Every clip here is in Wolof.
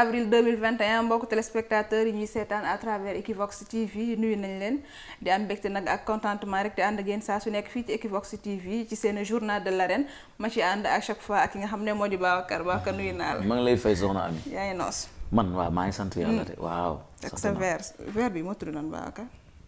avril 2021 mbokk téléspectateurs yi ñuy seetaan à travers Equivox TV nuyu nañ leen di am mbégte nag ak contentement rek di ànd ak saa su nekk fii ci Equivox TV ci seen journal de ren ma ci ànd à chaque fois ak ki nga xam ne moo di Babacar Babacar nuyu naa la. maa ngi lay fay soxna Ami. yaa noos. man waaw maa ngi sant yàlla de mm. waaw. ak sa verre verre bi moo tudd nan Babacar.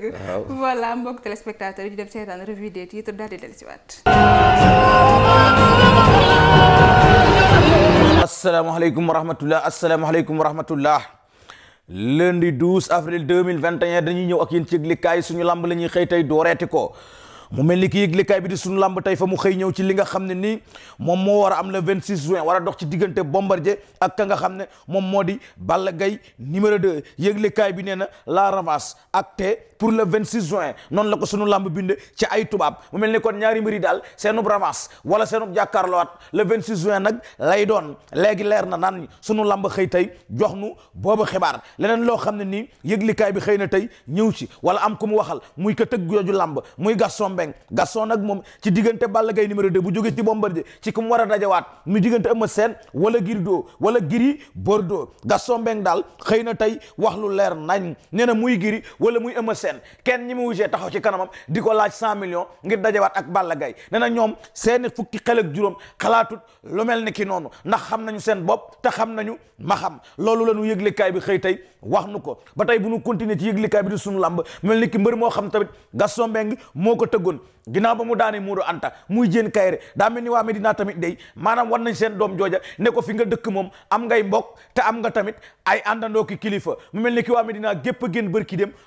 dëgg. waaw voilà mbokk téléspectateur yi ñu dem seetaan revue des titres daal di dellusiwaat. asalaamaaleykum wa rahmatulah asalaamaaleykum wa rahmatulah. lundi 12 avril 2021 dañuy ñëw ak yéen ci yëglikaay suñu làmb la ñuy xëy tey dooreeti ko. mu mel ni ki likaay bi di sunu lamb tey fa mu xëy ñëw ci li nga xam ne nii moom moo war a am le 26 juin war a dox ci diggante Bombardier ak ka nga xam ne moom moo di Balla Gaye numéro 2 yëglekaay bi nee na la ak actée pour le 26 juin noonu la ko sunu lamb binde ci ay tubaab mu mel ni kon ñaari mbir daal seenub revanche wala seenub jàkkaarloowaat le 26 juin nag lay doon léegi leer na naan sunu lamb xëy tey jox nu booba xibaar leneen loo xam ne nii yëglikaay bi xëy na tey ñëw ci wala am ku mu waxal muy ko tëgg yooju lamb muy Gaston Mbengue Gaston nag moom ci diggante Balla gay numéro 2 bu jóge ci Bombardier ci ku mu war a dajawaat mu diggante Eumeu seen wala Girdo wala Giri Bordeaux Gaston Mbengue daal xëy na tey wax lu leer nañ wala muy seen kenn ñi mu wujjee taxaw kanamam di ko laaj cent millions ngir dajewaat ak Balla Gaye nee ñoom seeni fukki xel ak juróom xalaatut lu mel ni ki noonu ndax xam nañu seen bopp te xam nañu ma xam loolu la nu yëglikaay bi xëy tey wax nu ko ba tey bu ñu continuer ci yëglikaay bi di sunu làmb mel ni ki mbër moo xam tamit Gaston Mbengue moo ko tëggoon ginnaaw ba mu daane Modou Anta muy jéen kayre daa mel ni waa Medina tamit day maanaam wan nañ seen doom jooja ne ko fi nga dëkk moom am ngay mbokk te am nga tamit ay àndandoo ki kilifa mu mel ni ki waa Medina gépp a génn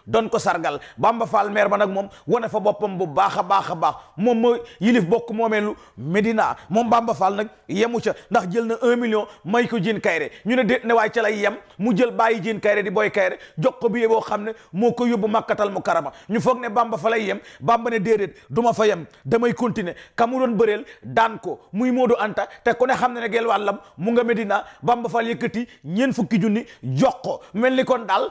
bër jàngal Bamba Fall maire ba nag moom wane fa boppam bu baax a baax a baax moom ma yilif bokk moomeelu Medina moom Bamba Fall nag yemu ca ndax jël na un million may ko Diène Kaïré ñu ne déet ne waay ca lay yem mu jël bàyyi Diène Kaïré di Boy Kaïré jox ko billet boo xam ne moo ko yóbbu Makkatal Mukarrama ñu foog ne Bamba fa lay yem Bamba ne déedéet du ma fa yem damay continuer ka mu doon bëreel daan ko muy Modou Anta te ku ne xam ne ne gel wàllam mu nga Medina Bamba Fall yëkkati ñeent fukki junni jox ko mel ni kon daal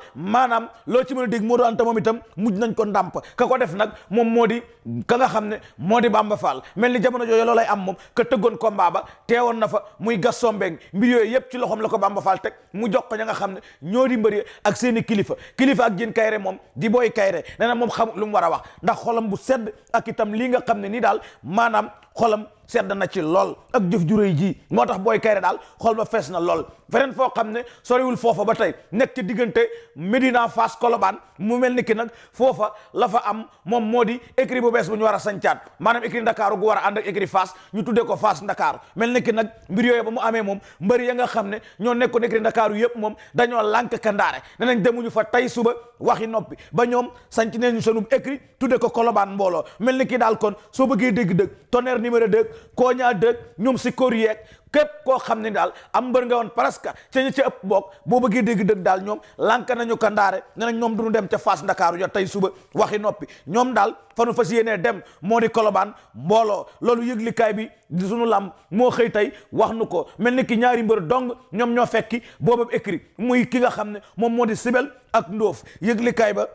a mujj nañ ko ndàmp ka ko def nag moom moo di ka nga xam ne moo di Bamba Fall mel ni jamono jooju loolay am moom ka tëggoon combat ba teewoon na fa muy Gaston Mbengue mbir yooyu yëpp ci loxoom la ko Bamba Fall teg mu jox ko ña nga xam ne ñoo di mbëri ak seen i kilifa kilifa ak jën kayre moom di booy kayre nee moom xamul lu mu war a wax ndax xolam bu sedd ak itam lii nga xam ne nii daal maanaam xolam sedd na ci lool ak jëf ju réy ji moo tax booy kayre daal xol ba fees na lool feneen foo xam ne sorewul foofa ba tey nekk ci diggante Médina fas Colobane mu mel ni ki nag foofa la fa am moom moo di écrit bu bees bu ñu war a sancaat maanaam écrit ndakaaru gu war a ànd ak écrit Fass ñu tuddee ko Fass ndakaaru mel ni ki nag mbir yooyu ba mu amee moom mbëri ya nga xam ne ñoo nekkoon écrit ndakaaru yëpp moom dañoo lànk kandaare nenañ demuñu fa tey suba waxi noppi ba ñoom sanc nañu seenub écrit tuddee ko Colobane mbooloo mel ni ki daal kon soo bëggee dégg ñaar dëkk ñoom si kor yeeg képp koo xam ne daal am mbër nga woon presque ca ñu ca ëpp bokk boo bëggee dégg dëgg daal ñoom lank nañu kandaare ne nañ ñoom duñu dem ca Fass Ndakaaru ya tey suba waxi noppi ñoom daal fanu fas yéenee dem moo di kolobaan mbooloo loolu yëglikaay bi di sunu lam moo xëy tey wax nu ko mel ni ki ñaari mbër dong ñoom ñoo fekki boobu écrit muy ki nga xam ne moom moo di sibel ak ndóof yëglikaay ba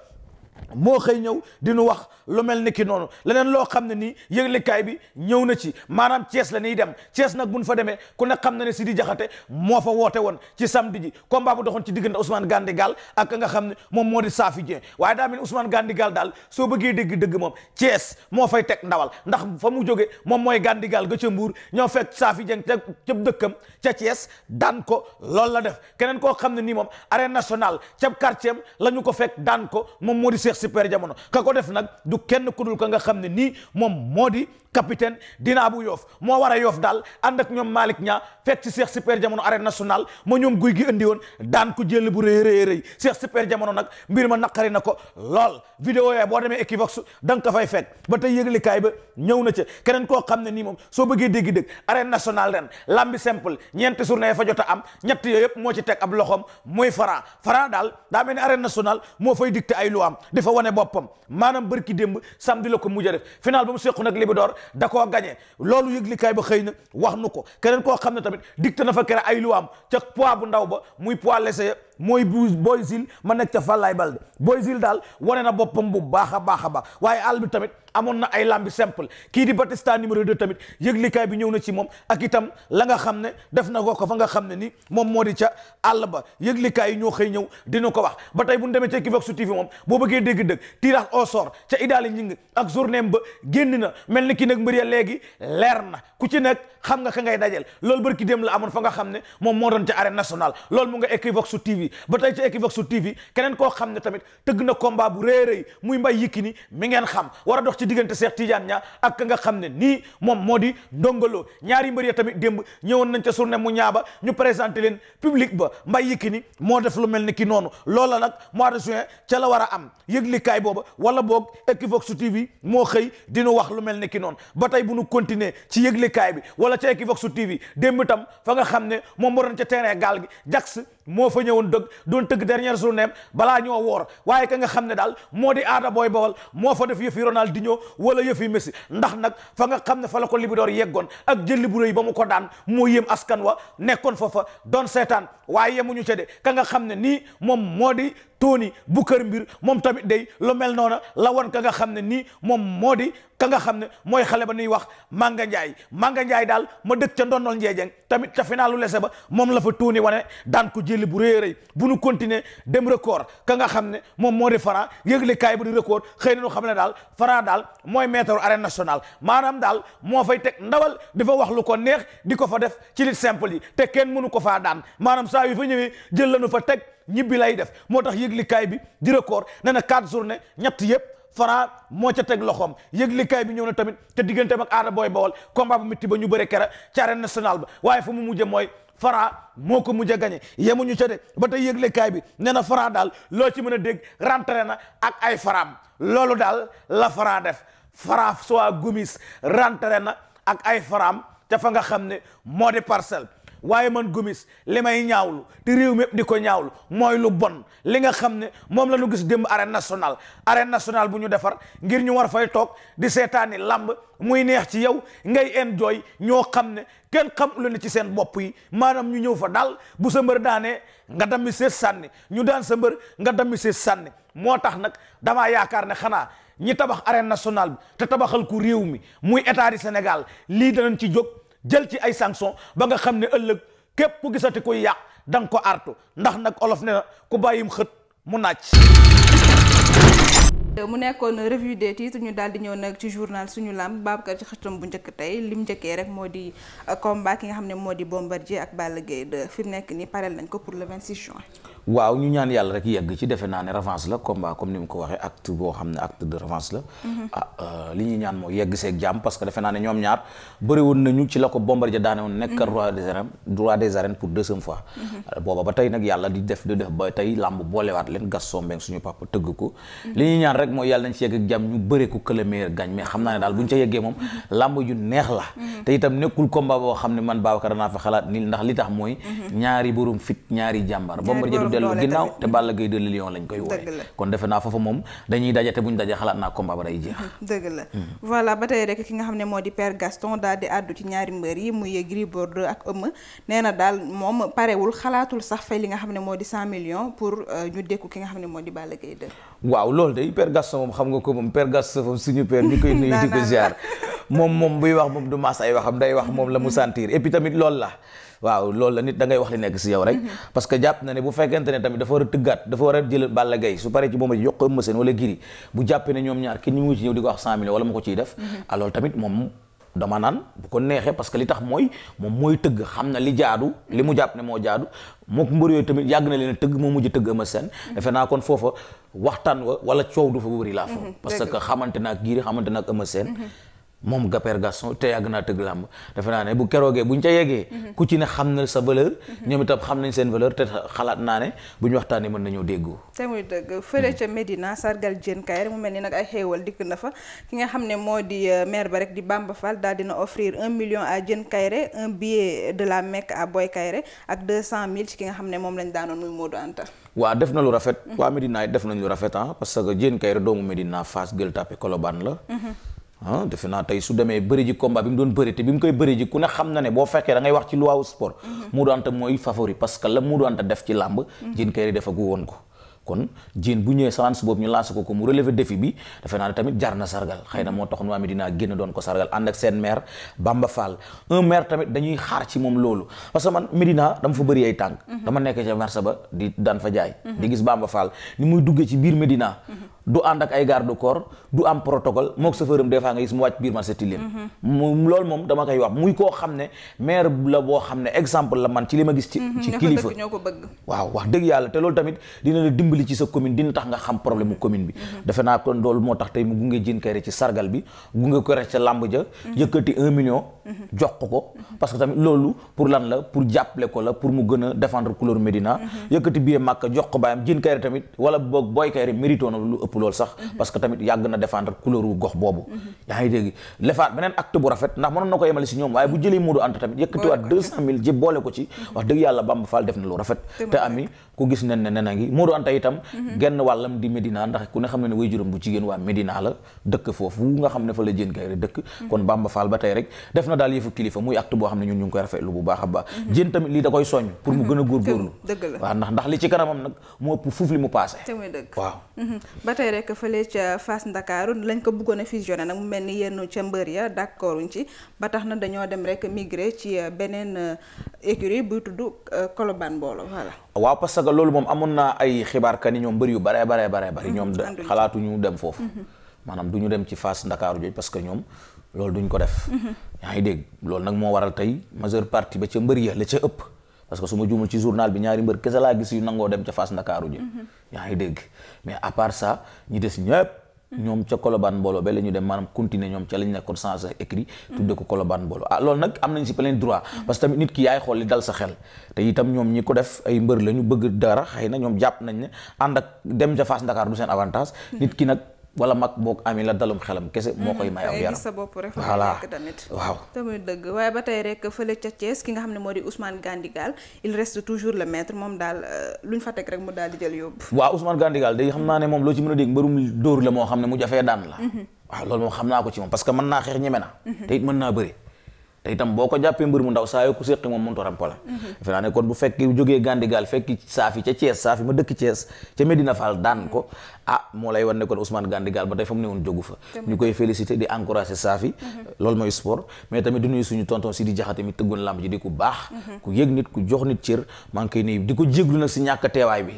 moo xëy ñëw di nu wax lu mel ni ki noonu leneen loo xam ne nii yëglekaay bi ñëw na ci maanaam cees la ñuy dem cees nag buñ fa demee ku ne xam na ne di jaxate moo fa woote woon ci samedi ji combat bu doxoon ci diggante Ousmane Gandigal ak nga xam ne moom moo di Safi Dieng waaye daa mel ni Ousmane gaal daal soo bëggee dégg dëgg moom Thiès moo fay teg ndawal ndax fa mu jóge moom mooy Gandigal ga ca Mbuur ñoo fekk Safi Dieng ca ca dëkkam ca Thiès daan ko loolu la def keneen koo xam ne nii moom arène nationale ca quartier la ñu ko fekk daan ko moom moo di Cheikh super jamono ka ko def nag du kenn ku dul ka nga xam ne nii moom moo di capitaine dina bu yoof moo war a yoof daal ànd ak ñoom Malick ñaa fekk ci Cheikh super jamono aree national moo ñoom guy gi indi woon daan ko jël bu rëy rëy rëy Cheikh jamono nag mbir ma naqari na ko lool vidéo boo demee Equivox da nga ko fay fekk ba tey yëglikaay ba ñëw na ca keneen koo xam ne nii moom soo bëggee dégg-dégg arène nationale ren lambi simple ñeenti journée fa jot am ñett yooyu yëpp moo ci teg ab loxoom muy Fara Fara daal daa mel ni arène nationale moo fay dicté ay luwaam wane boppam maanaam bërki démb samedi la ko mujj a def final ba mu sequ nag door da koo gagné loolu yëglikaay ba xëy na wax nu ko keneen koo xam ne tamit dikte na fa kere ay luwaam ca poids bu ndaw ba muy poids léger mooy bu Boy Jules ma nekk ca Falaye Balde Boy Jules daal wane na boppam bu baax a baax a baax waaye àll bi tamit amoon na ay lambi simple kii di Batista numéro de tamit yëglikaay bi ñëw na ci moom ak itam la nga xam ne def na ko ko fa nga xam ne ni moom moo di ca àll ba yëglikaay yi ñoo xëy ñëw dina ko wax ba tey bu ñu demee ca Equivox TV moom boo bëggee dégg-dëgg tirage au sort ca Idaali Ñing ak journée ba génn na mel na kii nag mbir ya léegi leer na ku ci nekk xam nga ka ngay dajel loolu bërki dem nga xam ne moom moo doon ca arène nationale loolu mu TV ba tey ci Equivox TV keneen koo xam ne tamit tëgg na komba bu rëy rëy muy Mbaye Yékini mi ngeen xam war a dox ci diggante Cheikh Tidiane Niang ak nga xam ne nii moom moo di Ndongo Lo ñaari mbër tamit démb ñëwoon nañ ca journée mu ñaa ba ñu présenté leen public ba Mbaye Yékini moo def lu mel ni ki noonu loola nag mois de juin ca la war a am yëglikaay booba wala boog Equivox TV moo xëy dina wax lu mel ni ki noonu ba tey bu nu continuer ci yëglikaay bi wala ca Equivox TV démb tam fa nga xam ne moom moo doon ca terrain gaal gi jax moo fa ñëwoon dëgg doon tëgg dernière journée balaa ñoo woor waaye ka nga xam ne daal moo di aada booy bawal moo fa def yëfi ñëw wala yëfi Messi ndax nag fa nga xam ne fa la ko libidoor yeggoon ak jëlli bu rëy ba mu ko daan moo yéem askan wa nekkoon fa fa doon seetaan waaye yemuñu ñu de ka nga xam ne nii moom moo di Tony Booker mbir moom tamit day lu mel noona la wan ka nga xam ne nii moom moo di ka nga xam ne mooy xale ba nuy wax Manga Ndiaye Manga Ndiaye daal ma dëkk ca ndondol njeejeng tamit ca finaalu lese ba moom la fa Tony wane daan ko jëli bu rëy rëy bu nu continuer dem record ka nga xam ne moom moo di Franc yëgle kaay ba di record xëy na ñu xam ne daal Franc daal mooy maître arène national maanaam daal moo fay teg ndawal di fa wax lu ko neex di ko fa def ci lit simple ñibbi lay def moo tax yëglikaay bi di record ne na quatre journée ñett yëpp Franc moo ca teg loxoom yëglikaay bi ñëw na tamit te digganteem ak Ada Boy Bawol combat bu métti ba ñu bëre kera ci arène nationale ba waaye fu mu mujje mooy Franc moo ko mujj a gagné yemuñu ca de ba tey yëglekaay bi nee na Franc daal loo ci mën a dégg rentré na ak ay faram loolu daal la Franc def Franc soit Gomis rentré na ak ay faram te fa nga xam ne moo parcelle waaye man Gomis limay may ñaawlu te réew mépp di ko ñaawlu mooy lu bon li nga xam ne moom la ñu gis démb arène national arène national bu ñu defar ngir ñu war fay toog di seetaani làmb muy neex ci yow ngay enjoy ñoo xam ne kenn xam lu ne ci seen bopp yi maanaam ñu ñëw fa daal bu sa mbër daanee nga dammi seet sànni ñu daan sa mbër nga dammi seet sànni moo tax nag damaa yaakaar ne xanaa ñi tabax arène national bi te tabaxal ku réew mi muy état du Sénégal lii danañ ci jóg jël ci ay sanction ba nga xam ne ëllëg képp ku gisati kuy yàq da nga ko artu ndax nag olof ne na ku bàyyim xët mu naaj mu nekkoon revue des titres ñu daal di ñëw nag ci journal suñu lamb Babacar ci xëtam bu njëkk tey lim njëkkee rek moo di euh, combat ki nga xam ne moo di Bombardier ak Balla gay 2 fi mu nekk nii pareel nañ ko pour le 26 juin waaw ñu ñaan yàlla rek yegg ci defe naa ne revanche la combat comme ni mu ko waxee acte boo xam ne acte mhm. ah, euh, li ñuy ñaan moo yegg seeg jàmm parce que defe ne ñoom ñaar bëri woon nañu ci la ko Bombardier daane woon nekk mhm. roi des arènes roi des arènes pour deuxième fois. Mhm. Euh, booba ba tey nag yàlla di def di def ba tey làmb boolewaat leen Gaston Mbengue suñu papa tëgg ko. li ñuy ñaan rek mooy yàlla nañ ci ñu bëree ko que le meilleur gagne mais xam naa ne daal bu ca yeggee moom làmb ju neex la. te itam nekkul combat boo xam ne man Babacar danaa fa xalaat ni ndax li tax mooy ñaari borom fit ñaari jàmbar Bombardier dellu ginnaaw te Balla Gaye de Lion lañ koy wooye kon defe naa foofu moom dañuy dajate buñ dajee xalaat naa combat ba day jeex dëgg la voilà ba tey rek ki nga xam ne moo di Père daal di àddu ci ñaari mbër yi muy Gris Bordeaux ak Eumeu nee na daal moom parewul xalaatul sax fay li nga xam ne moo di cent million pour euh, ñu dékku ki nga xam ne moo di Balla Gaye de waaw loolu day Père Gaston moom xam nga ko moom Père Gaston moom suñu père ñu koy nuyu di ko ziar moom moom buy wax moom du maas ay waxam day wax moom la mu sentir et puis tamit loolu la waaw loolu la nit dangay wax li nekk si yow rek mhm. parce que jàpp na ne bu fekkente ne tamit dafa war a tëggaat dafa war a jël Balla Gaye su paree ci moom ji yokk Eumeu Sène wala Gris bu jàppee ne mhm. ah, tamit moom dama naan bu ko neexee parce que li tax mooy moom mooy xam na li jaadu li mu jàpp ne moo jaadu moo mbër yooyu tamit yàgg na leen tëgg moo mujj tëgg Eumeu seen mhm. defe naa kon foofa waxtaan wa wala coow du fa wëri laa fa parce que xamante naak Gris xamante naak Eumeu seen moom Gaper Gaston te yàgg naa tëgg làmb defe naa ne bu keroogee buñ ca yeggee mhm. ku ci ne xam na sa valeur mhm. ñoom xam nañ seen valeur te xalaat naa ne bu ñu waxtaanee mën nañoo déggoo te muy dëgg fële ca Médina sargal Diène Kaïré mu mel ni nag ay xéewal dikk na fa ki nga xam ne moo di euh, maire ba rek di Bamba Fall daal dina offrir un million à Diène Kaïré un billet de la Boy Kaïré ak deux cent mille ki nga xam ne moom lañ daanoon muy Modou Anta waaw def na lu rafet mhm. waa Médina def nañ lu rafet ah parce que Diène Kaïré doomu Médina Fass Gueule Tapée Colobane la ah defe naa tey su demee bëri ji combat bi mu doon bëri te bi mu koy bëri ji ku ne xam na ne boo fekkee da wax ci luwaawu sport mhm. Modou Anta mooy favori parce que la Modou Anta def ci làmb Diène mhm. Kaïré defagu woon ko kon Diène bu ñëwee chance boobu ñu lancé ko ko mu relever défi bi defe naa ne tamit jar na sargal xëy na moo taxoon waa Medina génn doon ko sargal ànd ak seen maire Bamba Fall un maire tamit dañuy xaar ci moom loolu parce que man Medina dama fa bëri ay tànk mhm. dama nekk ca marché ba di daan fa jaay di gis Bamba Fall ni muy duggee ci biir Medina du ànd ak ay garde corps du am protocole mook chauffeuram des fois nga gis mu wàcc biir marché tilim mu loolu moom dama koy wax muy koo xam ne maire la boo xam ne exemple la man ci li ma gis ci mhm, ci kilifa ko bëgg waaw wax dëgg yàlla te loolu tamit dina la dimbali ci sa commune dina tax nga xam problème mu commune bi mhm. defe naa kon loolu moo tax tey mu gunge Diène Kaïré ci sargal bi gunge ko rek ca làmb ja mhm. yëkkati un million jox ko ko parce que tamit loolu pour lan la pour jàppale ko la pour mu gën a défendre couleur Médina yëkkati billet Makka jox ko baayam Diène Kaïré tamit wala boog Boy ëpp loolu sax mhm. parce que tamit yàgg na défendre couleur wu gox boobu yaa mhm. ne mhm. dëkk foofu da koy soññ pour mu gën a góorgóorlu waaw ndax ndax li ci kanamam nag mu ëpp fuuf li mu paase waaw defee rek fële ca Fass Ndakaaru lañ ko bëggoon a fusionné nag mu mel ni yenn ca mbër ya d'accorduñ ci ba tax na dañoo dem rek migrer ci euh, beneen euh, écurie buy tudd euh, Colobane Mbooloo voilà. waaw que loolu moom amoon na ay xibaar ka ni ñoom mbër yu baree baree baree bari mhm, ñoom ñu dem foofu. Mhm. maanaam du ñu dem ci Fass Ndakaaru jooju parce que ñoom lool duñ ko def. Mhm. yaa ngi dégg loolu nag moo waral tey majeure partie ba ca mbër ya la ca ëpp. parce que su ma juumul ci journal bi ñaari mbër kese laa gis yu nangoo dem ca Fass Ndakaaru ji mhm. yaa dégg mais à part ñi des ñëpp mhm. ñoom ca Colobane mbooloo ba la ñu dem maanaam continuer ñoom ca lañ nekkoon sans écrit tudde ko Colobane mbooloo ah loolu nag am nañ si plein mhm. nit ki yaay xool dal sa xel te itam ñoom ñi ko def ay mbër la bëgg dara xëy na ñoom jàpp nañ ne ànd ak dem ca Fass Ndakaaru du seen avantage nit ki nag wala mag boog ami la dalum xelam kese moo mm-hmm. koy may yaram sa bopp rek dëgg waaye ba tey rek fële ca Thiès ki nga xam ne moo di Ousmane Gandigal il reste toujours le maître moom daal euh, lu fa teg rek mu daal di jël yóbbu waaw Ousmane Gandigal day xam naa ne moom loo ci mën a dégg mbërum dóor la moo xam ne mu jafee daan la mm-hmm. waaw loolu moom xam naa ko ci moom parce mën naa xeex ñeme na mm-hmm. te it mën naa bëri te itam boo ko jàppee mbir mu ndaw saa yoo ku séqi moom mënut a rampale mhm. bu fekk jógee Gandigal fekk saafi ca Thiès saafi ma dëkk Thiès ca Medina Fall daan ko ah moo lay wan ne kon Ousmane Gandigal ba tey fa mu ne woon jógu fa ñu koy féliciter di encourager saafi mhm. loolu mooy sport mais tamit di nuyu suñu tonton si di jaxate mi tëggoon lamb ji di ku baax mhm. ku yëg nit ku jox nit cër maa koy nuyu di ko jéglu nag si ñàkk teewaay bi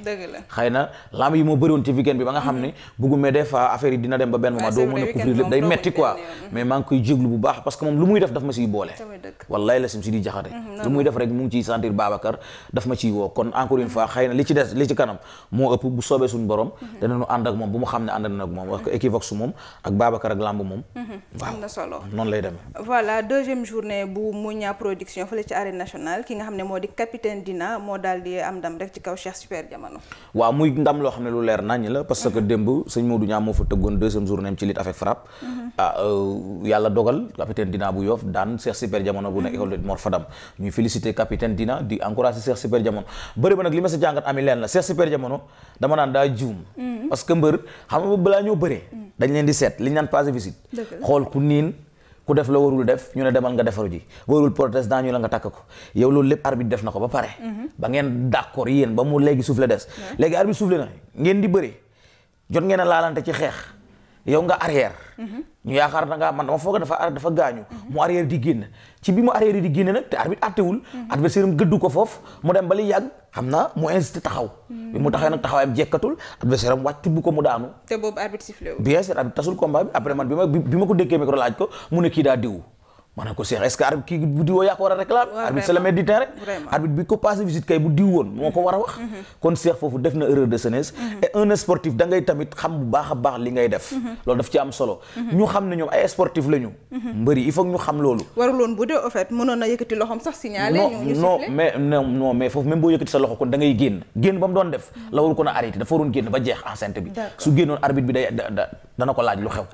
xëy na lamb yi moo bëri woon ah, a couvrir wallaay la sim si di jaxate mm-hmm, lu muy def rek mu ngi ciy sentir Babacar daf ma ciy woo kon encore une fois xëy na li ci des li ci kanam moo ëpp bu soobee suñu borom mm-hmm. danañu ànd ak moom bu mu xam ne ànd ak moom wax ko Equivox moom ak Babacar ak lamb moom mm-hmm. am muy ndam loo xam ne lu leer nañ la parce que démb sëñ Modou Niang moo fa tëggoon deuxième journée ci lutte avec frappe ah, euh, yàlla dogal capitaine Dina bu Yoff daan Cheikh Super Jamono bu nekk école de li ma sa jàngat Super Jamono dama naan daa juum mm-hmm. parce que mbër xam nga balaa ñoo bëree mm-hmm. dañ leen di seet li ñu naan passé xool ku niin ku def la warul def ñu ne demal nga defaru ji warul protest daa ñu la nga takk ko yow loolu lépp arbitre def na ko ba pare mm-hmm. ba ngeen d'accord yéen ba mu léegi soufflé des léegi arbitre soufflé na ngeen di bëri jot ngeen a laalante ci xeex yow nga arrière ñu yaakaar na nga man dama foog dafa dafa gaañu mu arrière di génn ci bi mu arrière di génn nag te arbitre attewul adversaire am gëddu ko foofu mu dem ba li yàgg xam na mu insisté taxaw bi mu taxawee nag taxawaayam jekkatul adversaire am wàcc bu ko mu daanu te boobu arbitre sifflé bien sûr arbitre tasul combat bi après man bi ma bi ma ko dékkee micro laaj ko mu ne kii daa diw ma ne ko Cheikh est-ce kii bu diwoo yaa ko war a réclamer arbitre c'est le maître du bi ko passé visite kay bu diw woon moo ko war a wax mm-hmm. kon Cheikh foofu def na erreur de jeunesse mm-hmm. et un sportif da ngay tamit xam bu baax a baax li ngay def mm-hmm. loolu daf ci am solo ñu xam ne ñoom ay sportif la ñu mbëri il faut ñu xam loolu waruloon bu dee au fait mënoon na yëkkati loxoom sax signalé ñu non mais non non mais foofu même boo yëkkati sa loxo kon da génn génn ba mu doon def la waru ko jeex enceinte bi su génnoon dana ko laaj lu xew.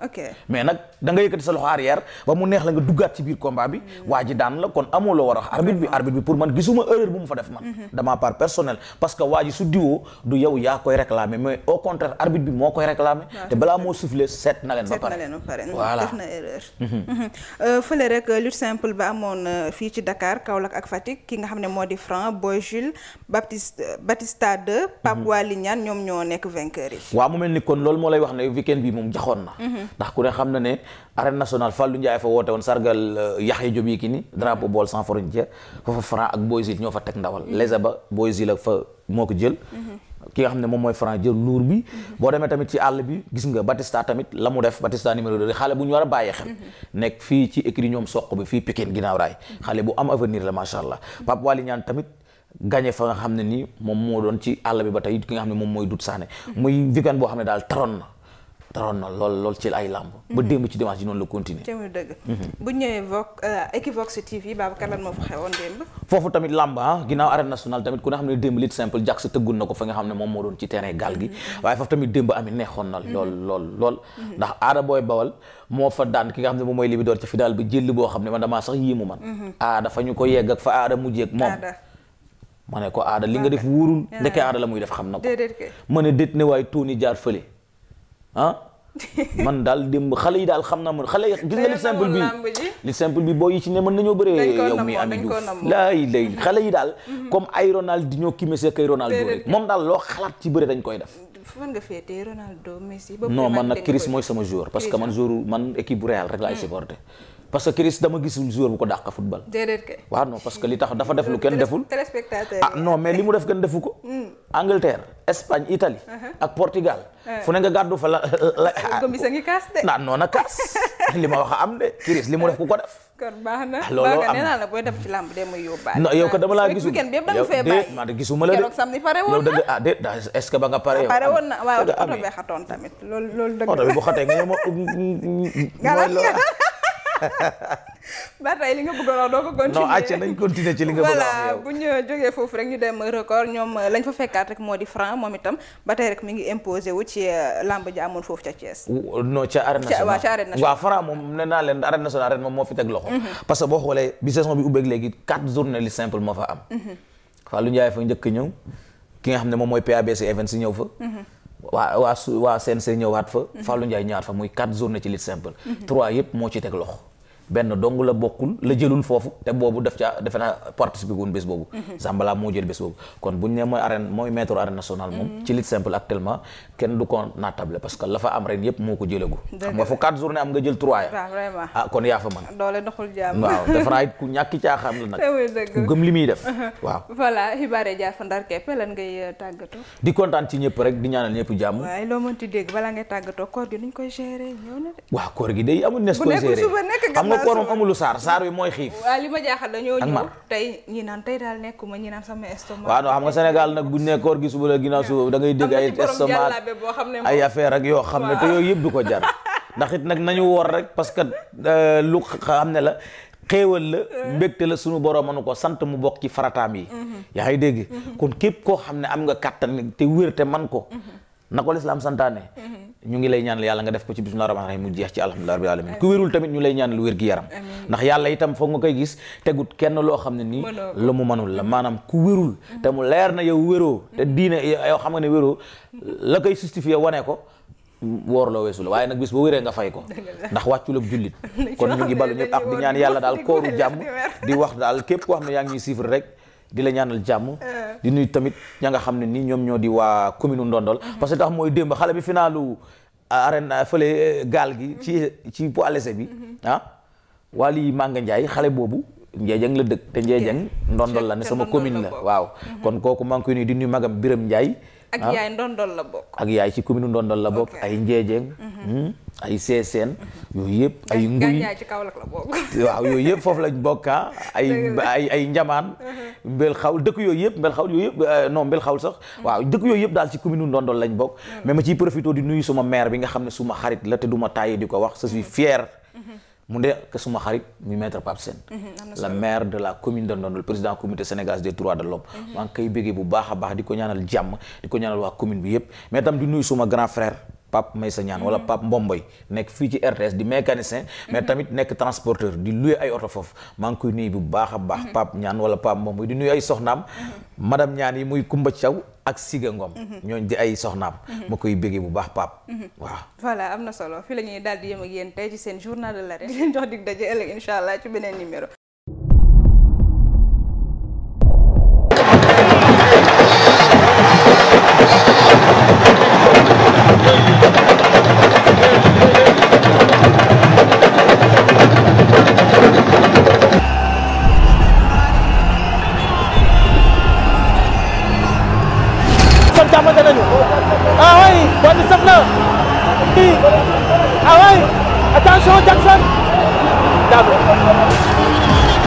mais nag da nga yëkkati sa loxo arrière ba mu neex la nga duggaat ci biir combat bi mm-hmm. waa ji daan la kon amoo la war a wax arbitre bi arbitre bi pour man gisuma erreur bu mu fa def man mm-hmm. dama part personnel parce que waa ji su diwoo du yow yaa koy réclamer mais au contraire arbitre bi moo koy réclamer te balaa moo soufflé seet na leen ba pare voilà def na erreur mm-hmm. Euh, fële rek euh, lutte simple ba amoon euh, fii ci Dakar Kaolack ak Fatick ki nga xam ne moo di Franc Boy Jules Baptiste Batista 2 Pape Waly Niane ñoom ñoo nekk vainqueur yi waaw moo lay wax ne bi moom jaxoon na mhm. ndax ku ne xam na ne arène nationale Fallou Ndiaye fa woote woon sargal euh, Yaxya Jom Yékini drapeau bool sans frontière foofu Franc ak Boy Jules ñoo fa teg ndawal mhm. lesa ba Boy Jules ak fa moo ko jël mhm. ki nga xam ne moom mooy Franc jël nuur bi boo demee tamit ci àll bi gis nga Batista tamit la mu def Batista numéro 2 xale bu ñu war a bàyyee xel nekk fii ci écrit ñoom bi fii Pikine ginnaaw raay xale bu am avenir macha allah Pape Waly Niane tamit gañe fa nga xam ne nii moom moo doon ci àll bi ba tey ki nga xam ne moom mooy dut saane muy vigan boo xam ne daal taroon na taroon na lool lool ci ay làmb ba mhm. démb ci dimanche ji noonu la continuer mhm. euh, foofu tamit làmb ah ginnaaw arène nationale tamit ku ne xam ne démb lit simple jax sa tëggun na ko fa nga xam ne moom moo doon ci terrain gaal gi mhm. waaye foofu tamit démb ami neexoon na lool lool lool ndax aada booy bawal moo fa daan ki nga xam ne moom mooy libi door ci daal bi jëlli boo xam ne man damaa sax yéemu ko yegg ak fa aada mujjeeg moom ma ne ko aada li nga def wóorul ah. ndeke aada la muy def xam na ko ma ne dét ne waaye tuuni jaar fële ah man daal démb xale yi daal xam naa man xale yi gis nga li simple bi li simple bi boo yi ci ne mën nañoo bëree yow mi Ami Diouf laay lay xale yi daal mhm. comme ay Ronaldinho kii Messi kay Ronaldo rek moom daal loo xalaat ci bëre dañ koy def fan nga féetee Ronaldo Messi non man nag Chris mooy sama jour parce que man joueur ah. man équipe bu Real rek laay mm. supporté parce que Chris dama gisul joueur bu ko dàq football déedéet kay parce que li tax dafa def lu kenn deful ah non mais li mu def kenn defu ko mm. Angleterre Espagne Italie. Uh-huh. ak Portugal. Uh. fu ne gàddu fa la la. gomis a ngi kaas de. noona kaas li ma wax a am de kiris li mu def ku ko def. kon na ah, looloo am na la booy def ci làmb de muy yóbbaale. non yow ko dama laa gisul weekend bi yëpp ma de gisuma la de keroog samedi pare woon na ah de ah, est ce que ba nga pare. Ah, yow pare woon na waaw oto bi xatoon tamit loolu loolu ba tey li nga bëggoon wax doo ko continuer non acca a bu ñu jógee foofu rek ñu dem record ñoom euh, lañ fa fekkaat rek moo di franc moom itam ba tey rek ngi imposé wu ci euh, lamb ji foofu ca Thiès. Euh, non ca arène nationale waaw ca mhm. mhm. moom mooy PABC event si ñëw fa. Mhm. waa waa su waa ñëwaat fa. Fallou Ndiaye ñëwaat fa muy quatre journées ci lutte simple. trois yëpp moo ci teg loxo. benn dong la bokkul la jëlul foofu te boobu def ca defe naa participer woon bés boobu mhm. Zambala moo jël bés boobu kon buñ ne mooy arène mooy maître arène nationale moom mhm. ci lutte simple actuellement kenn du ko naatable parce que la fa am ren yëpp moo ko jëlagu xam nga fa quatre journée am nga di kontaan ci ñëpp rek di ñaanal ñëpp jàmm waaye loo mënti dégg balaa ngay tàggatoo koor gi nuñ koy gérer ñëw na de waaw koor gi day amul nes koy gérer koor moom amulu saar saar wi mooy xiif waaw li ma jaaxal dañoo ñëw tey ñi naan tey daal nekkuma ñi naan sama estomac waaw non xam nga Sénégal nag buñ ne koor gi suba la ginnaaw suba da ngay dégg ay estomac ay affaire ak yoo xam ne te yooyu yëpp ko jar ndax it nag nañu woor rek parce que euh, lu xam ne la xéewal la euh. mbégte la suñu borom mënu ko sant mu bokk ci farataam yi mhm. yaa ngi dégg mhm. kon képp koo xam ne am nga kàttan te wér te man ko mhm. na ko lislaam santaane ñu ngi lay ñaanal yàlla nga def ko ci bismillah rahmaan rahim mu jeex ci alhamdulilah rabbil alamin ku wérul tamit ñu lay ñaanal wér gi yaram ndax yàlla itam foog nga koy gis tegut kenn loo xam ne nii lu mu manul la maanaam ku wérul te mu leer na yow wéroo te diine yow xam nga ne wéroo la kay justifié wane ko woor loo weesu waaye nag bis boo wéree nga fay ko ndax wàccul ak jullit kon ñu ngi balu ñëpp ak di ñaan yàlla daal kooru jàmm di wax daal képp koo xam ne yaa ngi ñuy rek di la ñaanal jàmm di nuyu tamit ña nga xam ne ni ñoom ñoo di waa commune Ndondol parce que tax mooy démb xale bi finalu arène euh, fële euh, gaal gi ci ci poids bi ah Waly Manga Ndiaye xale boobu Njeejeng la dëkk te Njeejeng Ndondol la ne sama commune la waaw kon kooku maa ngi nii nuyu di nuyu magam Biram Ndiaye ak ah. yaay ndondol la bokk. ak yaay ci commune ndondol la bokk ay Ndiédiène. Mhm. Hmm, ay Sessène yooyu yëpp ay nguy ci Kaolack la bokk. waaw yooyu yëpp foofu lañ bokk ah. ay ay ay njamaan mhm. mbel xawul dëkk yooy yëpp mbel xawul yooyu yëpp euh, non mbel xawul sax mhm. waaw dëkk yooy yëpp daal ci commune ndondol lañ bokk mais ci ciy di nuyu suma maire bi nga xam ne suma xarit la te duma tàyyi di ko wax je suis fier mu ne nekk suma xarit mu maître Pape Sène mhm, la maire de la commune de Ndondol président comité sénégalais des droits de l'homme mhm. maa ngi koy béggee bu baax a baax di ko ñaanal jàmm di ko ñaanal waa commune bi yépp mais tam di nuyu suma grand frère Pape Maysa Niane wala mm-hmm. Pape Mbomboy nekk fii ci RTS di mécanicien mais mm-hmm. tamit nekk transporteur di loué ay oto foofu maa ngi koy nuyu bu baax a baax mm-hmm. Pape Niane wala Pape Mbomboy di nuyu ay soxnaam madame Niane yi muy Kumba Thiaw ak Siga Ngom ñooñ di ay soxnaam ma koy béggee bu baax Pape waaw am na solo fi la ñuy daal di tey ci seen journal de l'arène di leen jox dig daje ëllëg incha allah ci beneen numéro